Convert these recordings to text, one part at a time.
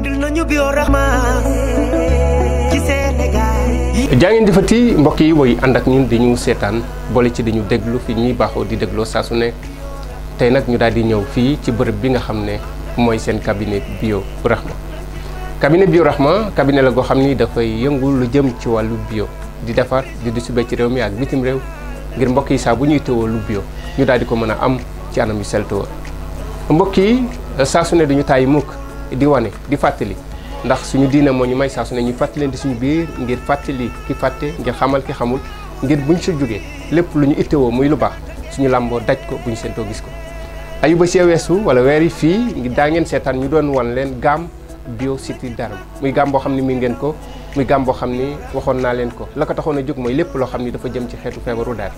andil nañu biorahma ci mbokk yi woy ànd ak ñun di ñu seetaan boole ci di ñu déglu fi ñuy baaxoo di dégloo saa su ne tey nag ñu daal di ñëw fii ci bërëb bi nga xam ne mooy seen cabinet biorahma. cabinet biorahma cabinet la goo xam ni dafay yëngu lu jëm ci wàllu bio di defar di distribuer ci réew mi ak bitim réew ngir mbokk yi saa bu ñuy tëwoo lu bio ñu daal di ko mën a am ci anam yu sell tëwoo mbokk yi ne duñu tàyyi mukk di wane di fàttali ndax suñu diine moo ñu may saa su ne ñu fàttali suñu biir ngir fàttali ki fàtte ngir xamal ki xamul ngir buñ sa jógee lépp lu ñu woo muy lu baax suñu làmboo daj ko ñu seentoo gis ko. ayuba see weesu wala weer yi fii daa ngeen seetaan ñu doon wan leen gaam bio cité dara muy gaam boo xam ne mi ngeen ko muy gaam boo xam ni waxoon naa leen ko la ko taxoon a jóg mooy lépp loo xam ni dafa jëm ci xeetu feebaru der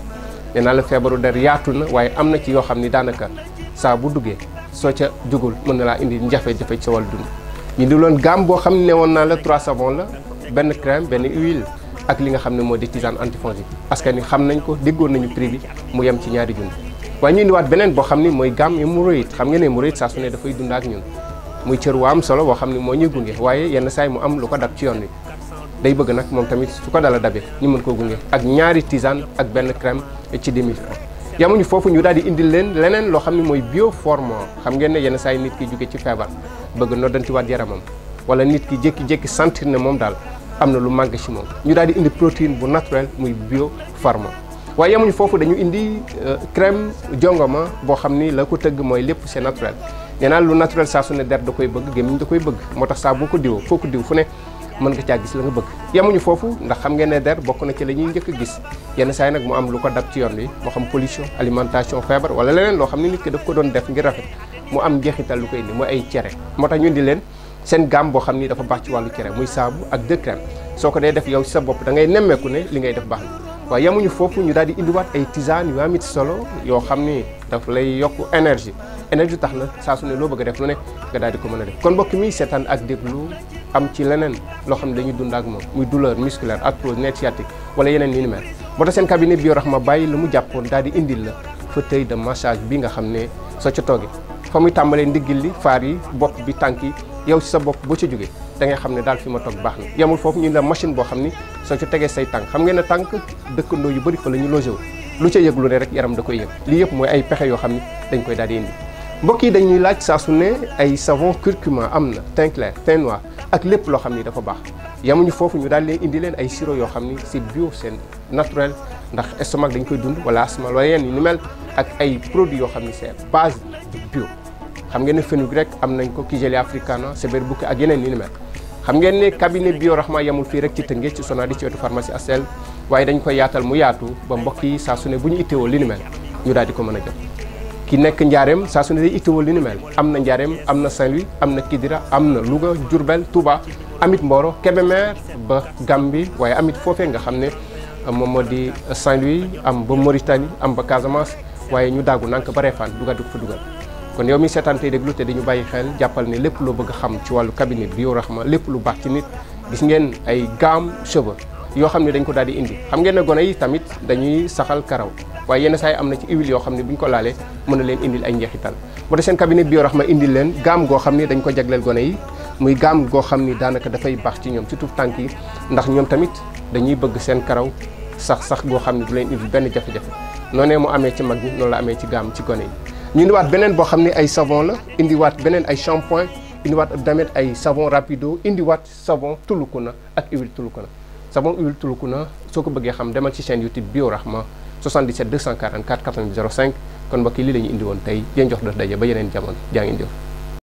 nee naa la feebaru der yaatu na waaye am na ci yoo xam ni daanaka saa bu duggee soo ca jógul mën na laa indi jafe-jafe ci dund ñu di loon gamme boo xam ne woon naa la trois savon la benn crème benn huile ak li nga xam ne moo di tisane antifongique yi que ni xam nañ ko déggoon nañu prix bi mu yem ci ñaari junni waaye ñu indiwaat beneen boo xam ni mooy mu hémorroïde xam nga ne hémorroïde saa su ne dafay dund ak ñun muy cër waa am solo boo xam ne moo ñuy gunge waaye yenn saay mu am lu ko dab ci yoon yi day bëgg nag moom tamit su ko dala dabe ñu mën koo gunge ak ñaari tisane ak benn crème ci demi yamuñu foofu ñu daal di indil leen leneen loo xam ne mooy bioformant xam ngeen ne yenn saa yi nit ki jóge ci feebar bëgg noddantiwaat yaramam wala nit ki jékki-jékki sentir ne moom daal am na lu màgg ci moom ñu daal di indi protéine bu naturel muy bioformant waaye yamuñu foofu dañu indi euh, crème jongoma boo xam ni la ko tëgg mooy lépp c'est naturel nee naa lu naturel saa su ne der da koy bëgg gémmiñ da koy bëgg moo tax saa boo ko diwoo foo ko diw fu ne mën nga caa gis la nga bëgg yemuñu foofu ndax xam ngeen ne der bokk na ci la ñuy njëkk a gis yenn saa yi nag mu am lu ko dab ci yoon yi moo xam pollution alimentation feebar wala leneen loo xam ne nit ki daf ko doon def ngir rafet mu am njeexital lu koy indi mu ay cere moo tax ñu di leen seen gaam boo xam ni dafa baax ci wàllu cere muy saabu ak deux soo ko dee def yow sa bopp da ngay nemmeeku ne li ngay def baax na waaye yemuñu foofu ñu daal di indiwaat ay tisane yu amit solo yoo xam ni daf lay yokku énergie énergie tax na saa ne loo bëgg def lu ne daal di ko mën a def kon mbokk mi seetaan ak déglu am ci leneen loo xam ne dañuy dund ak moom muy douleur musculaire arthrose nerf sciatique wala yeneen yu ni mel moo tax seen cabinet ma bàyyi la mu jàppoon daal di indi la fauteuil de massage bi nga xam ne soo ca toogee fa muy tàmbalee ndiggil li faar yi bopp bi tànk yi yow ci sa bopp boo ca jógee da ngay xam ne daal fi ma toog baax na yemul foofu ñu la machine boo xam ni soo ca say tànk xam ngeen ne tànk dëkkandoo yu bëri fa la ñu logé lu ca yëglu ne yaram da koy yëg lii yëpp mooy ay pexe yoo xam ni dañ koy daal di indi mbokk yi dañuy laaj saa ne ay savon curcuma am na thym clair thym noir ak lépp loo xam ni dafa baax yamuñu foofu ñu daal leen indi leen ay sirop yoo xam ni c'est bio c'est naturel ndax estomac dañ koy dund wala asma wala yenn ñu mel ak ay produits yoo xam ni c'est base bio xam ngeen ne fenugrec am nañ ko kigelia africana sebér bukki ak yeneen ni ni mel xam ngeen ne cabinet bio rahma yamul fii rek ci Tëngéej ci Sonadi ci wetu pharmacie Asel waaye dañ koy yaatal mu yaatu ba mbokk yi saa su bu ñu itteewoo li ñu daal di ko mën a jot ki nekk njaareem saa su ne day ittiwoo li ni mel am na njaareem am na Saint-Louis am na Kidira am na Louga Diourbel Touba amit Mboro Kébémer ba Gambie waaye amit foofee nga xam ne moom moo di Saint-Louis am ba Mauritanie am ba Casamance waaye ñu daggu nank ba Réfane dugal du fa dugal kon yow mi seetaan tey déglu te dañu bàyyi xel jàppal ne lépp loo bëgg xam ci wàllu cabinet bio rahma lépp lu baax ci nit gis ngeen ay gaam cheveux yoo xam ne dañ ko daal di indi xam ngeen ne gone yi tamit dañuy saxal karaw waaye yenn saa yi am na ci huile yoo xam ne bu ñu ko laalee mën na leen indil ay njeexital moo tax seen cabinet biorahma indil leen gaam goo xam ne dañ ko jagleel gone yi muy gaam goo xam ni daanaka dafay baax ci ñoom surtout tànk yi ndax ñoom tamit dañuy bëgg seen karaw sax sax goo xam ne du leen indil benn jafe-jafe noonee mu amee ci mag ñi noonu la amee ci gaam ci gone yi ñu indiwaat beneen boo xam ne ay savon la indiwaat beneen ay shampoing indiwaat damit ay savon rapido indiwaat savon tulukuna ak huile tulukuna savon huile tulukuna soo ko bëggee xam demal ci chaîne YouTube biorahma 77 244 90 05 kon mbokk yi lii la ñu indi woon tey yéen jox dox daje ba yeneen jamono jaa ngeen jëf